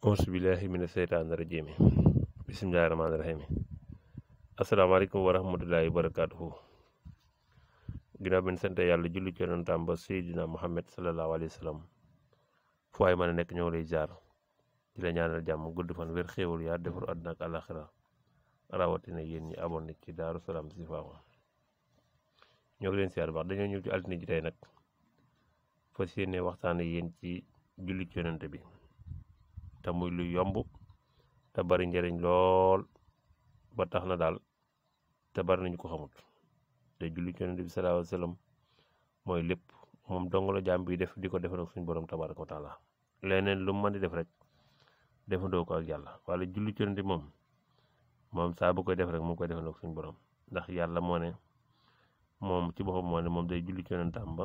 auzu billaahi mina seytaani rajiim bismillaahi rahmaani rahiim asalaamaaleykum wa rahmatullaahi bi ñu sant yàlla julli ci yonentam ba Seydina Muhammad sallallaahu alayhi wa sallam fu mën a nekk ñëw lay jaar di la ñaanal jàmm gudd fan wér xéewal yaa defar àdduna ak àllaaxira rawatina yéen ñi abonné ci Daaru Salaam si faamu ñoo ngi leen siyaar baax dañoo ñëw ci altine ji tey nag fas yéene waxtaane yéen ci julli ci bi te muy lu yomb te bari njariñ lool ba tax na daal te bari nañu ko xamut te julli ci bi sallallahu wa sallam mooy lépp moom dong la jaam bi def di ko defal ak suñu borom tabaaraka wa taala leneen lu mu di def rek defandoo ko ak yàlla wala julli ci bi moom moom saa bu koy def rek mu koy defandoo ak suñu borom ndax yàlla moo moom ci boppam moo ne moom day julli ci ba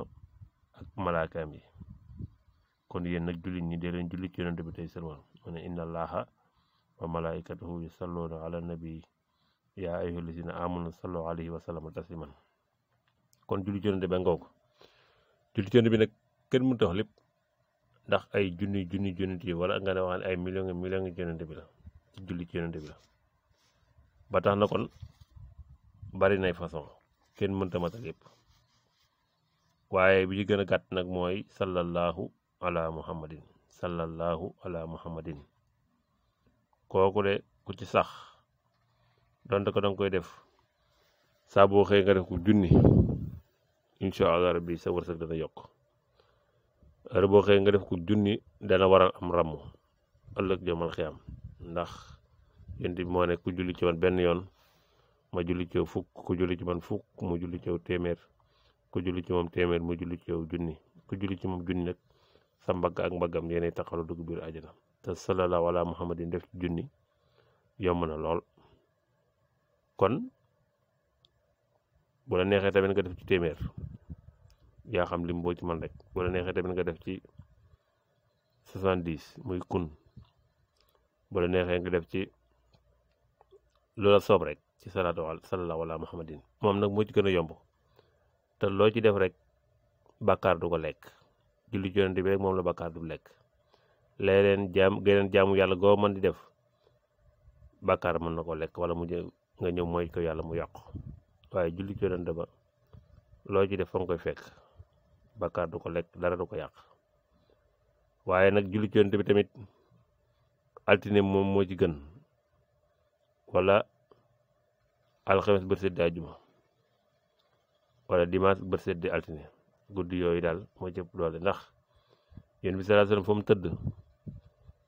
ak malaakaam yi kon yéen nag jullit ñi dee leen jullit bi tey sëlmal jullit ci bi nag kenn mënut a ndax ay junni junni yonent yi wala nga ne wax ay million million yonent bi la ba tax na kon bari nay façon kenn mënta matal yépp waaye bi ci nag mooy sallallahu ala muhammadin sallallahu ala muhammadin kooku de ku ci sax donte ko danga koy def saa boo xëy nga def ko junni incha allah rabbi sa wërsëg dana yokk heure boo xëy nga def ko junni dana waral am ràmm ëllëg jëmal am ndax yonent bi moo ne ku julli ci man benn yoon ma julli ci yow fukk ku julli ci man fukk mu julli ci yow téeméer ku julli ci moom téeméer mu julli ci yow junni ku julli ci moom junni nag sa mbagg ak mbaggam yéenay taxalu dugg biir àjjana te sallallahu ala muhammadin def ci junni yomb na lool kon boo la neexee tamit nga def ci téeméer yaa xam lim boo ci man rek bu la neexee tamit nga def ci soixante-dix muy kun bu la neexee nga def ci loola soob rek ci salaatu wal sallallahu ala muhammadin moom nag moo ci gën a yomb te loo ci def rek bàkkaar du ko lekk julli jonante bi rek moom la bàkkaar du lekk leneen jaam geneen jaamu yàlla goo mën di def bàkkaar mën na ko lekk wala mu nga ñëw mooy ko yàlla mu yàqu waaye julli jonante ba loo ci def fa koy fekk bàkkaar du ko lekk dara du ko yàq waaye nag julli jonante bi tamit altine moom moo ci gën wala alxames bët sedd ajuma wala dimanche bët sedd altine guddi yooyu daal moo jëpp doole ndax yéen bi sallallahu mu tëdd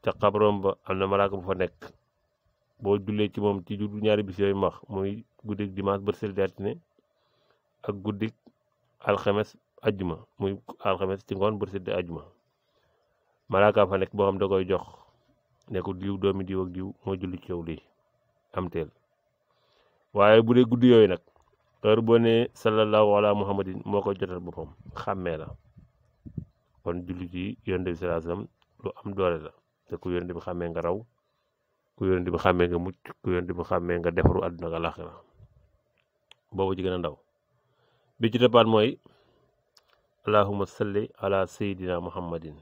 ca xabroom ba am na malaaka bu fa nekk boo jullee ci moom ci juddu ñaari bis yooyu max muy guddik dimanche ba sel ne ak guddi alxames ajjuma muy alxames ci ngoon bër sedd ajjuma malaaka fa nekk boo xam da koy jox ne ko diw doomi diw ak diw moo julli ci yow lii am teel waaye bu dee guddi yooyu nag heure boo nee sallallahu ala muhammadin moo ko jotal boppam xàmmee la kon jullit yi yonent bi salaa lu am doole la te ku yonent bi xàmmee nga raw ku yonent bi xàmmee nga mucc ku yonent bi xàmmee nga defaru àdduna ak àlaxira boobu ci a ndaw bi ci toppaat mooy allahuma salli ala sayidina muhammadin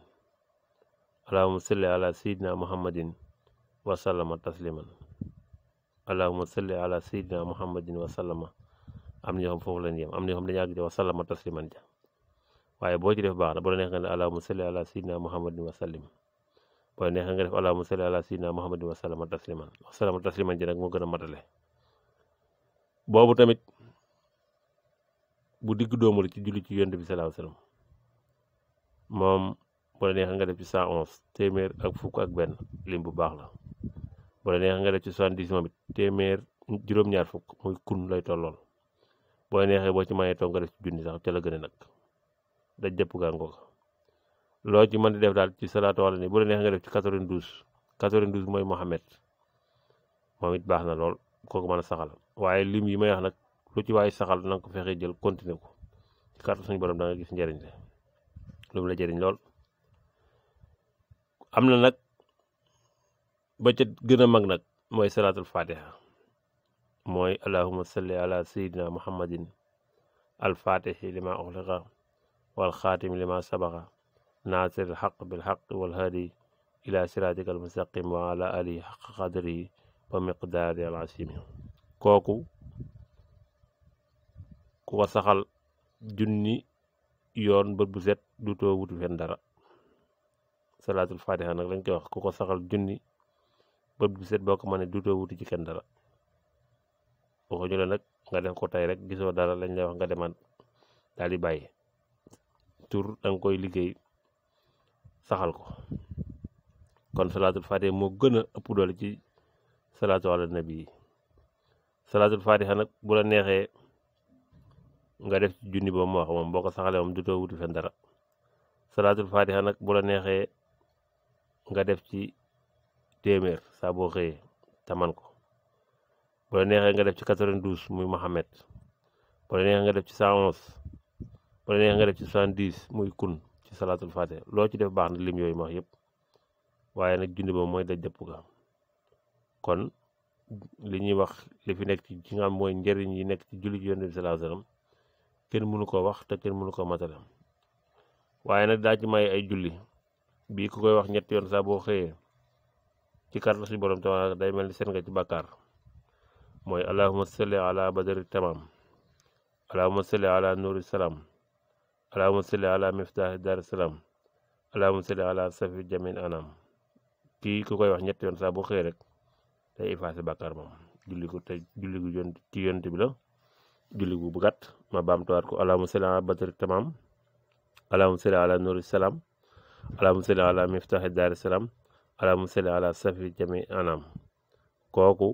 allahuma salli ala sayidina muhammadin wasallama tasliman allahuma salli ala sayidina muhammadin wasallama am ñoo xam foofu lañ am ñoo xam dañu àgg ci wa sallama tasliman ja waaye boo ci def baax na bu la neexee nga def allahumma salli ala sayyidina muhammadin wa sallim bu la neexee nga def allahumma salli ala sayyidina muhammadin wa sallama tasliman wa sallama tasliman ja nag moo gën a matale boobu tamit bu digg doomu la ci julli ci yonent bi salaahu salaam moom bu la neexee nga def ci cent onze téeméer ak fukk ak benn lim bu baax la bu la neexee nga def ci soixante-dix moom téeméer juróom-ñaar fukk muy kun lay tollool boo neexee boo ci mënee toog nga def ci junni sax ca la gën a nag daj dëpp gaa ngoog loo ci mën di def daal ci salaatu wala ni bu la neex nga def ci 92 92 mooy Mohamed moom it baax na lool kooku mën a saxal waaye lim yi ma wax nag lu ci waay saxal na ko fexe jël continuer ko ci kàttu suñu borom da gis njariñ la lu la jëriñ lool. am na nag ba ca gën a mag nag mooy salaatul fatiha mooy allahuma salli ala sayidina muhammadin alfaatixi lima uxliqa walxaatimi lima sabaqa naasir alxaq bilxaq walhaadi ila siraatika almustaqim wa ala alihi xaqa qadrihi wa miqdaari alacimi kooku ku ko saxal junni yoon bët bu set du wuti wutu fen dara salaatul fatiha nag lañ koy wax ku ko saxal junni bët bu set boo ko mënee du too wutu ci kenn dara boo ko jëloon nag nga def ko tey rek gisoo dara lañ lay wax nga demaat daal di bàyyi tur da nga koy liggéey saxal ko kon salaatul faatiha moo gën a ëpp ci salaatu ala nabi yi salaatul faatiha nag bu la neexee nga def ci junni boobu moom boo ko saxalee moom dutoo dara salaatul faatiha nag bu la neexee nga def ci téeméer boo xëyee taman ko bu la neexee nga def ci 92 muy Mohamed bu neexee nga def ci 111 bu la neexee nga def ci 70 muy kun ci salaatul faate loo ci def baax na lim yooyu ma wax yëpp waaye nag junni ba mooy daj dëpp ga kon li ñuy wax li fi nekk ci ci nga am mooy njëriñ yi nekk ci julli ci yonent bi sallallahu alayhi kenn mënu koo wax te kenn mënu ko matale waaye nag daa ci may ay julli bii ku koy wax ñetti yoon saa boo xëyee ci kàttan suñu borom te day mel ni seen nga ci bàkkaar mooy allahuma salli ala badari tamam allahuma salli ala nuuri salaam allahuma salli ala miftaahi daari salaam allahuma salli ala safi jamin anam kii ku koy wax ñetti yoon saa boo xëy rek day effacé bàkkaar moom julli ko te julli gu yoon ci yonent bi la julli gu bu gàtt ma baamtuwaat ko allahuma salli ala badari tamam allahuma salli ala nuuri salaam allahuma salli ala miftaahi daari salaam allahuma salli ala safi jamin anam kooku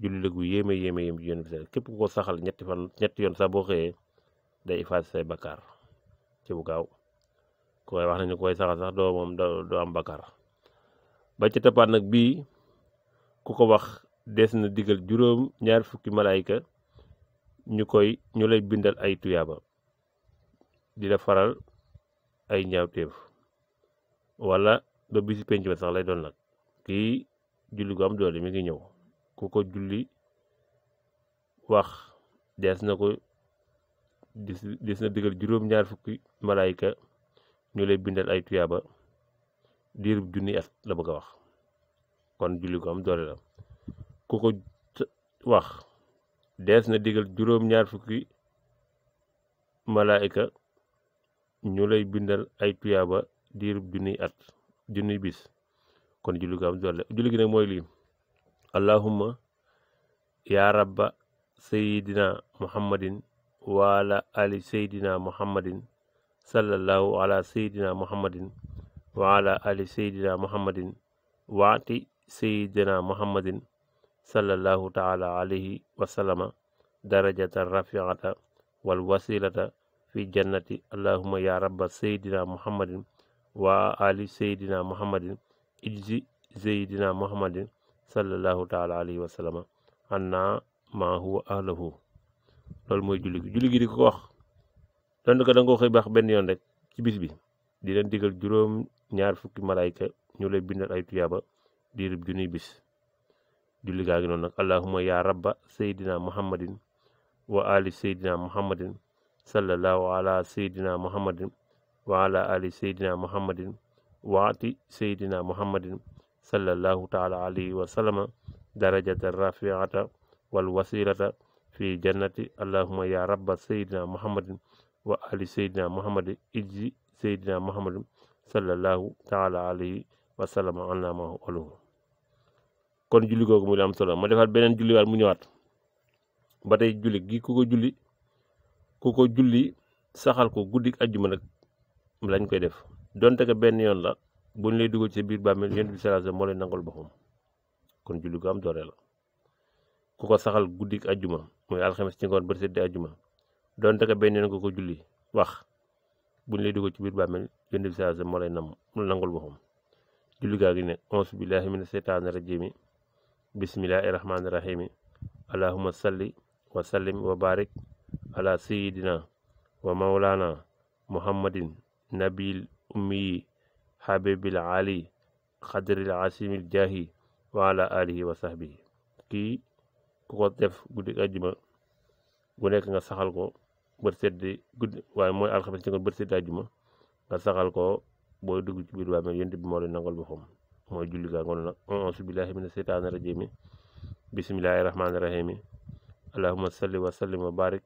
julli la gu yéeme yéeme yéem ci yoon bi képp koo saxal ñetti fan ñetti yoon sax boo xëyee day effacer say bakkaar ci bu gaaw ku koy wax nañu koy saxal sax doo moom doo am bakkaar ba ca toppaat nag bii ku ko wax des na diggal juróom ñaar fukki malayka ñu koy ñu lay bindal ay tuyaaba di la faral ay ñaawteef walla ba bisi penc ba sax lay doon nag kii julli gu am doole mi ngi ñëw ku ko julli wax dees na ko des na digal juróom-ñaar fukki malaayika ñu lay bindal ay tuyaaba diirub junni at la bëgg wax kon julli ko am doole la ku ko wax dees na digal juróom-ñaar fukki malaayika ñu lay bindal ay tuyaaba diirub junniy at junni bis kon julli ko am doole julli gi nag mooy lii allahumma ya rabba sayidina muhammadin wa ala ali sayidina muhammadin sallallahu ala sayidina muhammadin wa ala ali sayidina muhammadin waati sayidina muhammadin sallallahu taala alayhi wa sallama darajata rafiata wal wasilata fi jannati allahumma ya rabba sayidina muhammadin wa ali sayidina muhammadin ijzi sayidina muhammadin sallallahu taala alayhi wa sallama ma huwa ahlahu loolu mooy julli gi julli gi di ko wax don ko benn yoon rek ci bis bi di leen digal juróom ñaar fukki malaayka ñu lay bindal ay tuyaaba diirib junniy bis julli gaa gi noonu nag allahuma ya rabba saydina muhammadin wa ali saydina muhammadin wa ala ali muhammadin sallallahu taala alayhi wa sallama darajata rafiata wal fi jannati allahuma ya rabba saydina muhammadin wa ali saydina muhammadin ijji saydina muhammadin sallallahu taala alayhi wa sallama ma aluhu kon julli googu mu solo ma defaat mu ñëwaat ba tey julli gi ku ko julli ku ko julli saxal ko guddik ajjuma nag lañ koy def donte ko benn yoon la bu ñu lay dugal ci biir bàmmeel yonent bi sallallahu alayhi wasallam moo kon julli gu am doole la ko saxal guddik ajjuma mooy alxames ci ngoon bët sedd ajjuma donte benn ko ko julli mu nangul boppam julli gaa gi ne auzu billahi mina seytaani rajimi bismillahi rahmaani rahimi allahumma salli wa sallim wa barik ala muhammadin nabil ummi habibil ali xadril asimil jaahi wa ala alihi wa sahbihi kii ku ko def guddi àjjuma gu nekk nga saxal ko bët sedd guddi waaye mooy alxames ci kon bët sedd àjjuma nga saxal ko booy dugg ci biir bàmmeel yonent bi moo leen nangal boppam mooy julli gaa ngoon nag auzu billaahi mina seytaani rajiimi bismillaahi rahmaani rahiimi allahumma salli wa sallim wa barik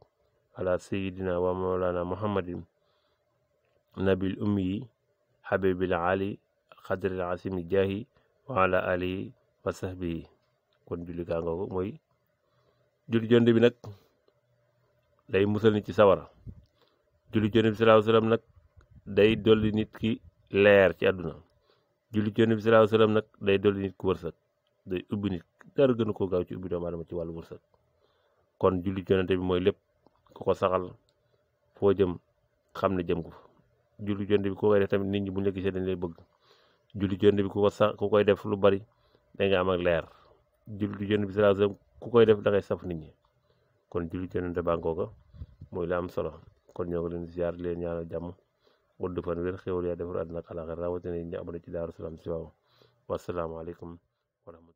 ala sayyidina wa mawlana muhammadin nabil ummi yi habibil ali xadril asimil jaahi wa ala alihi kon julli gaa nga mooy julli jonde bi nag day musal nit ci sawara julli jonde bi salaam nag day dolli nit ki leer ci àdduna julli jonde bi salaahu salaam nag day dolli nit ki wërsëg day ubbi nit dara gënu gaaw ci ubbi doomu aadama ci wàllu wërsëg kon julli jonante bi mooy lépp ku ko saxal foo jëm xam na jëm ko julli jonte bi ku koy def tamit nit ñi bu ñu la gisee dañ lay bëgg julli jonte bi ku ko sax koy def lu bari da nga am ak leer julli jonte bi sallallahu alayhi wasallam ku koy def da ngay saf nit ñi kon julli jonte bànkooka mooy la am solo kon ñoo ko leen ziar leen ñaanal jàmm gudd fan wér xéwal yaa defar àdduna ak àllaaxira rawatina yi ñu amana ci Daaru Salaam si waaw wasalaamaaleykum wa rahmatulah